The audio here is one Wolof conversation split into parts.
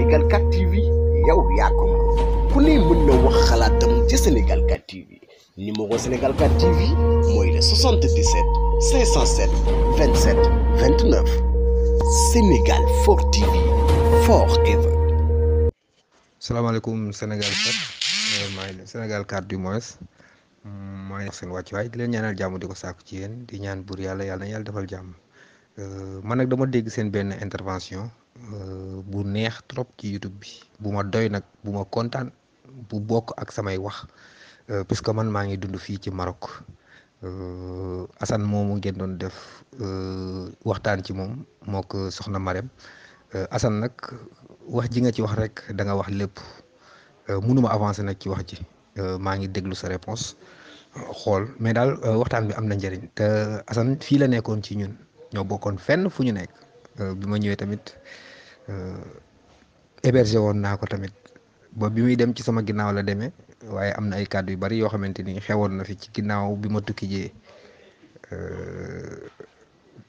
Sénégal 4 TV yow yaa ko ku ne mën na wax xalaatam ci Sénégal 4 TV numéro Sénégal 4 TV mooy le 77 507 27 29 Sénégal 4 TV forever. salaamaaleykum Sénégal 4 euh, du moins mm, maa ngi wax seen wàccuwaay di leen ñaanal jàmm di ko sàkku ci yéen di ñaan buur yàlla yàlla yàlla defal jàmm euh, man nag dama dégg seen benn intervention. bu neex trop ci youtube bi bu doy nak bu contane bu bok ak samay wax euh, parce que man maa ngi dund fi ci Maroc euh, Assane moomu ngeen doon def euh, waxtan ci mom moko ko soxna euh Assane nak wax ji nga ci wax rek da nga wax euh munuma avancer nak ci wax ji ngi deglu sa réponse xol mais dal waxtan bi am njariñ te Assane fi la nekkoon ci ñun ño fenn fu nekk bi ma ñëwee tamit euh, hébergé woon naa ko tamit ba bi muy dem ci sama ginnaaw la demee waaye am na ay kàddu yu bari yoo xamante ni xewoon na fi ci ginnaaw bi ma tukki jee euh,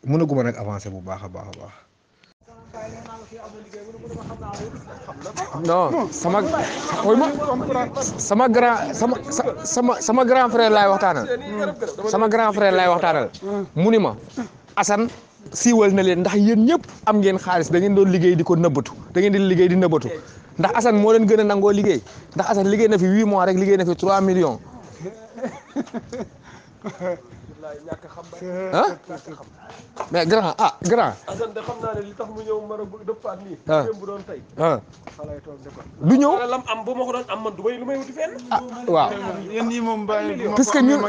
mënaguma nag avancé bu baax a baax a baax. non sama sama grand sama sama sama grand laay waxtaanal. sama grand frère laay mu ni ma Assane. siiwal na leen ndax yéen ñëpp am ngeen xaalis da ngeen doon liggéey di ko nëbbatu da ngeen di liggéey di nëbbatu ndax Assane moo leen gën a nangoo liggéey ndax Assane liggéey na fi huit mois rek liggéey na fi trois millions ah mais grand ah grand. Assane de xam naa ne li tax mu ñëw mën a dëppaat nii. ah bu ah. ñëw. wala lam am bu ko doon am man ah, waaw. yéen ñii moom bàyyi. parce que ñun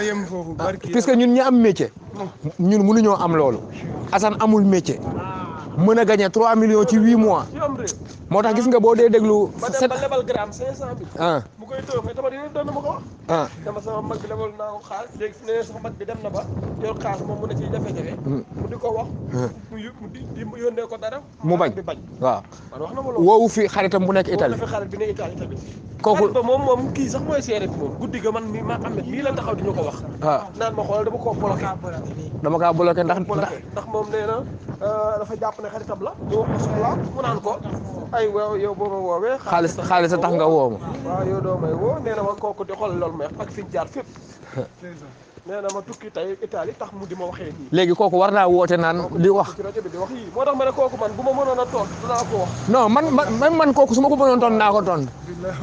parce ah, que ñun ñi am métier. ñun mënuñoo am loolu Assane amul métier mën a gagné 3 millions ci 8 mois moo tax gis nga boo dee déglu. ba dem ba lebal gramme 500000. ah mu koy tënk mais ko. ah dama sama bi ba yor xaalis moom mu ne waaw. wax fi xaritam bu nekk Italie. woowu fi xarit bi nekk Italie tamit. kooku xarit ba moom moom kii sax mooy seere moom guddi ga man mii ma am na la taxaw di ñu ko wax. waaw ah. naan ma xoolal dama koo bloqué. dama kaa bloqué ndax. ndax moom nee euh, dafa jàpp ne xaritam la. mu naan ko ay waaw yow boo ma woowee. xaalis xaalis a tax nga woo ma. waaw yow doo may woo nee na ma kooku di xool loolu may ak fi ñu jaar fépp. nee na ma tukki tey Italie tax mu di ma waxee nii. léegi kooku war naa woote naan di wax. moo tax ma ne kooku man bu ma mënoon a tontu dinaa ko wax. non man man man kooku su ma ko mënoon tontu naa ko tontu.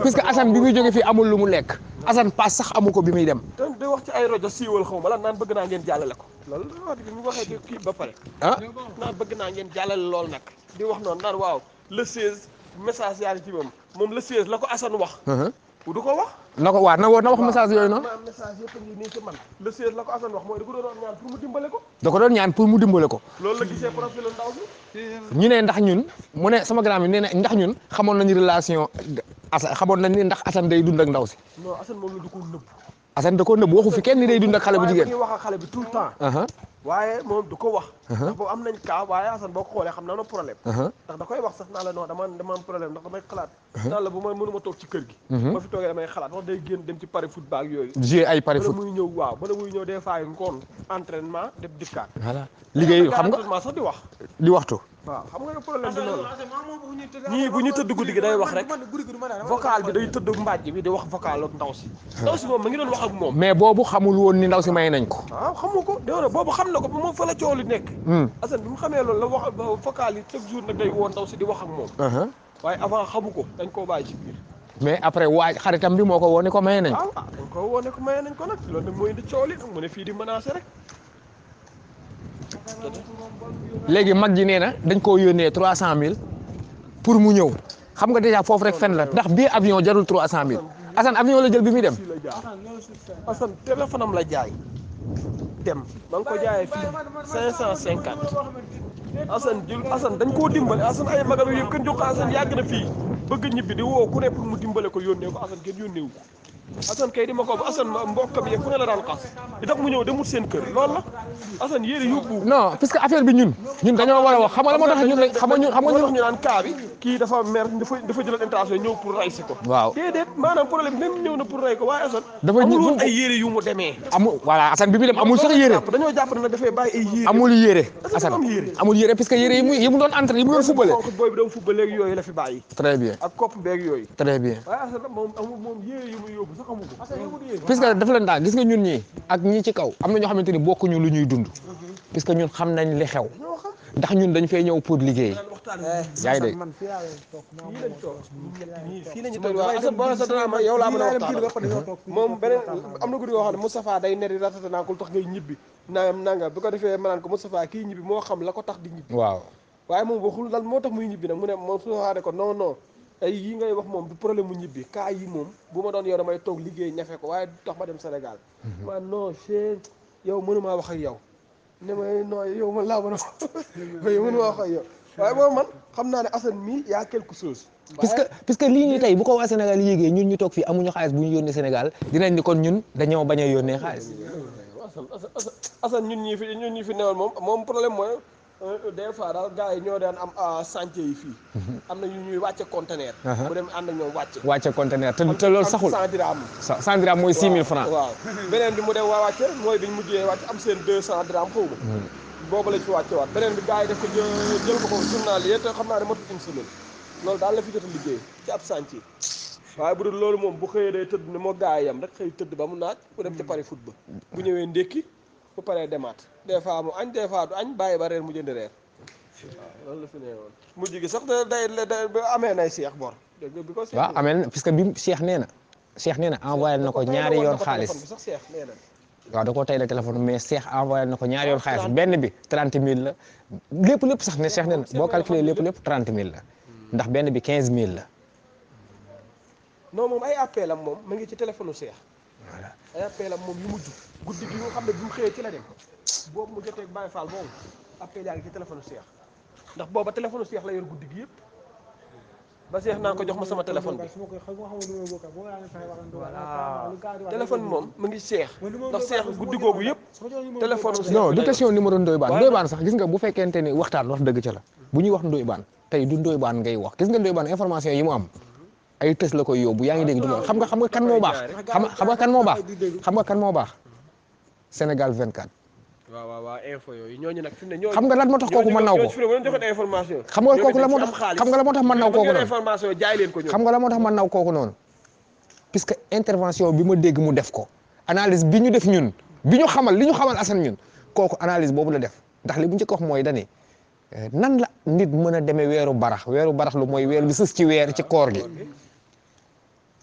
puisque Assane bi muy jógee fii amul lu mu lekk. Assane paas sax amu ko bi muy dem. te di wax ci ay rajo siiwal xaw ma lan naan bëgg naa ngeen jàllale ko. loolu la wax dëgg bu waxee kii ba pare. ah naan bëgg naa ngeen jàllale lool nag. di wax noonu naan waaw. le 16 message yaa ngi ci moom moom le 16 la ko Assane wax. Uh-huh. du ko wax. na ko waa na woo na wax message yooyu noonu. message yëpp a la ko Assane wax mooy da ko doon ñaan pour mu dimbale ko. da ko doon ñaan pour mu dimbale ko. loolu ndaw bi. ñu ne ndax ñun mu ne sama grand bi nee na ndax ñun xamoon nañu relation Assane xamoon nañu ndax Assane day dund ak ndaw si. non Assane moom Assane da koo nëbb waxu fi kenn ni day dund ak xale bu jigéen waaye wax ak xale bi uh-huh. moom du ko wax uh-huh. ndax boobu am nañ cas waaye Assane boo ko xam naa na problème uh-huh. ndax da koy wax sax naa la non dama dama am problème ndax damay xalaat naan la bu ma mënuma toog ci kër gi ma fi toogee damay xalaat wax day génn dem ci pari foot yooyu jouer ay pari foot muy ñëw muy ñëw des fois ngoon entraînement def dikkaat voilà xam nga sax di wax di waxtu waaw xam nga ne bu ñu tëdd guddi gi day wax rek vocal bi day tëdd mbàjj bi di wax vocal ak ndaw si ndaw si moom ma ngi doon wax ak moom mais boobu xamul woon ni ndaw si may nañ ko waaw xamu ko déwéna xam na ko ba li nekk hmm. Assane bi la wax vocal wax ak moom uh-huh. waaye avant xamu ko dañ koo bàyyi ci biir mais après waaj xaritam bi moo ko woo ko may nañ ko ah, ah, dañ ko woo ne ko may nañ ko nag loolu nag mooy di coow li mu ne fii di menacé rek léegi mag ji nee na dañ koo yónnee trois cent milles pour mu ñëw xam nga déjà foofu rek fen la ndax bii avion jarul trois cent mille Assane avion la jël bi muy dem. Assane téléphone am la jaay dem ba ko jaayee fii cinq cent cinquante Assane jël dañ koo dimbale Assane ay magam yëpp kenn jox ko yàgg na fii bëgg ñibbi di woo ku ne pour mu dimbale ko yónnee ko Assane kenn yónneewu ko. Assane kay di ma ko Assane mbokk bi parce que affaire ñun dañoo war a wax xam nga ñun lañ xam kii dafa mer dafa dafa ñëw pour ray si ko waaw déedéet maanaam problème même ñëw na pour ray ko waaye Assane dafa amul ay yére yu demee amul yére parce que yére yi doon entre yi yooyu la fi bien puisque daf leen daa gis nga ñun ñii ak ñii ci kaw am na ñoo xamante ni bokkuñu lu ñuy dund puisque ñun xam nañ li xew ndax ñun dañ fay ñëw pour liggéey eh, yaa ngi dégg fii lañu toog waaw yow laa mën a waxtaan moom beneen am na guddi yoo xam ne Moustapha day neri ratata naa ko lu tax ngay ñibbi nangam nangam bu ko defee ma ko ko Moustapha kii ñibbi moo xam la ko tax di ñibbi waaw waaye moom waxul lan moo tax muy ñibbi nag mu ne moom Moustapha ne ko non ay yi ngay wax moom du problème mu ñibbi cas yi moom bu ma doon yow damay toog liggéey ñafe ko waaye du tax ma dem Sénégal mhm. man non chien yow mënumaa wax ak yow ne ma non yow man laa a yow mënumaa waaye moom man xam naa ne Assane mii y a quelque chose puisque puisque lii ñu tey bu ko waa Sénégal yéegee ñun ñu toog fii amuñu xaalis bu ñu yónnee Sénégal dinañ ni kon ñun dañoo bañ a yónnee xaalis Assane ñun ñi fi ñun ñi fi Euh, euh, des fois daal gars yi ñoo daan am euh, chantier yi fii. am na ñu ñuy wàcce conteneur. bu uh-huh. dem ànd ak ñoom wàcce. wàcce conteneur te lool saxul am 100 dirham. 100 dirham mooy 6000 francs. waaw beneen bi mu dem waa wàcce mooy bi ñu mujjee wàcce am seen 200 dirham xaw ma. boobu la ci wàcce waat beneen bi gars yi def ko jël jël ko ko journal yi te xam naa ne motul une semaine loolu daal la fi jot a liggéey ci ab chantier. waaye bu dul loolu moom bu xëyee dee tëdd ne moo gars yi yam rek xëy tëdd ba mu naaj. bu dem ca Paris foot ba bu ñëwee ndékki. bu paree des fois mu añ des fois du añ bàyyi ba reer mu jënd reer waaw loolu gi sax day day amee nay seex bor. dégg waaw amee na parce que bi seex nee na. seex nee na na ko ñaari yoon xaalis waaw da ko tey la téléphone mais seex envoyé na ko ñaari yoon xaalis benn bi 30 mille la lépp lépp sax ne seex nee na boo calculé lépp lépp 30 000 la ndax benn bi quinze mille la. non moom ay appel moom mu ngi ci téléphone seex. appel am moom yu mujj guddi gi nga xam ne bi mu xëyee ci la dem boobu mu jotee Baye Fall boobu appel yaa ngi ci téléphone Cheikh ndax booba téléphone Cheikh la yor guddi gi yëpp ba Cheikh naa ko jox ma sama téléphone bi voilà téléphone bi moom mu ngi Cheikh ndax Cheikh guddi googu yëpp téléphone non du question numéro Ndoye Bane Ndoye Bane sax gis nga bu fekkente ni waxtaan wax dëgg ca la bu ñuy wax Ndoye Bane tey du Ndoye ngay wax gis nga Ndoye information yi mu am ay tës la koy yóbbu yaa ngi dégg du ma xam nga xam nga kan moo baax xam nga kan moo baax xam nga kan moo baax Sénégal 24. waaw waaw waaw info yooyu ñooñu nag fi mu ne ñooñu xam nga lan moo tax kooku mën naw ko xam nga kooku la moo tax xam nga la moo tax mën naw kooku noonu xam nga la moo tax mën naw kooku noonu puisque intervention bi ma dégg mu def ko analise bi ñu def ñun bi ñu xamal li ñu xamal Assane ñun kooku analise boobu la def ndax li bu njëkk wax mooy dani eh, nan la nit mën a demee weeru barax weeru barax lu mooy weer bi sës ci weer ci koor gi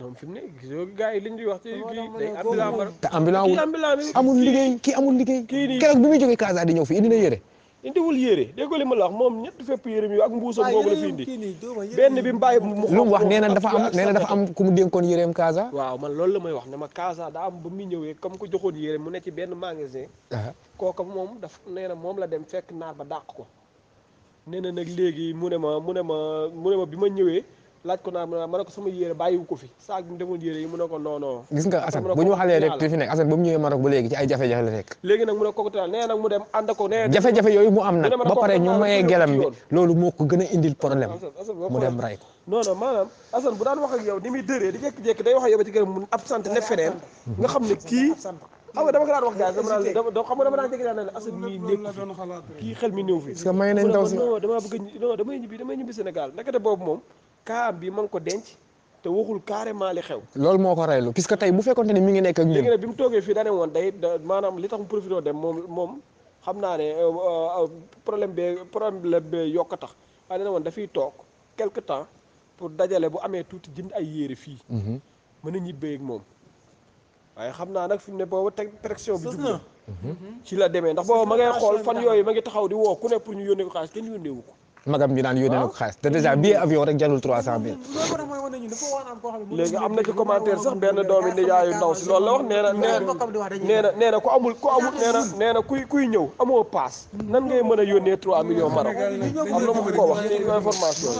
ñoom fi mu ne gisoo gars yi li ñu wax ci kii day ambulant te ambulant amul liggéey kii amul liggéey keroog bi muy jógee Casa di ñëw fi indi na yére indiwul yére déggoo li ma la wax moom ñett fépp yére mi ak mbuusam boobu la fi indi benn bi mu bàyyi mu lu mu wax nee na dafa am nee na dafa am ku mu dénkoon yéreem Casa waaw man loolu la may wax ne ma Casa daa am ba muy ñëwee comme ko joxoon yére mu ne ci benn magasin kooka moom daf nee na moom la dem fekk naar ba dàq ko nee na nag léegi mu ne ma mu ne ma mu ne ma bi ma ñëwee laaj ko naa ma ne ko sama yére bàyyiwu ko fi saag bi mu yére yi mu ne ko non non gis nga Assane bu ñu waxalee rek te fi nekk Assane ba mu ñëwee Maroc ba léegi ci ay jafe-jafe yooyu mu am nag ba pare ñu mayee gelam bi loolu moo ko gën a indil problème mu dem ray ko non maanaam Assane bu daan wax ak yow ni muy dëree di jékki-jékki day wax ak mu absenté ne feneen nga xam ne kii xam nga dama daan wax gars xam nga dama daan jékki daan ne Assane moom kaa bi ma ngi ko denc te waxul carrément li xew. loolu moo ko reylu puisque tey bu fekkonte ne mi ngi nekk ak ñun. léegi nag bi mu toogee fii dane woon day maanaam li tax mu profité dem moom xam naa ne euh, euh, euh, problème bee problème bee yokk a tax waaye dana woon dafiy toog quelque temps pour dajale bu amee tuuti jënd ay yére fii. Mhm. mën a ñibbee ak moom. waaye xam naa nag fi mu ne booba teg pression bi jublu mhm. ci la demee ndax booba ma ngay xool fan yooyu ma ngi taxaw di woo ku ne pour ñu yónnee ko ko. magam bi naan yónnee na ko xaalis te dèjà billet avion rek jarul trois cent mille léegi am na ci commentaire sax benn doomi nijaayu ndaw si loolu la wax nee na nee na nee na ku amul amul nee na nee kuy kuy ñëw amoo paas nan ngay mën a yónnee trois millions Maroc am na mu ko wax ci information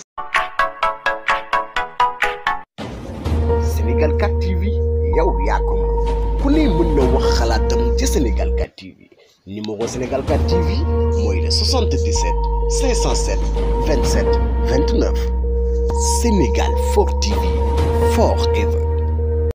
yi Sénégal 4 TV il est 77 507 27 29 Sénégal 4 TV forever.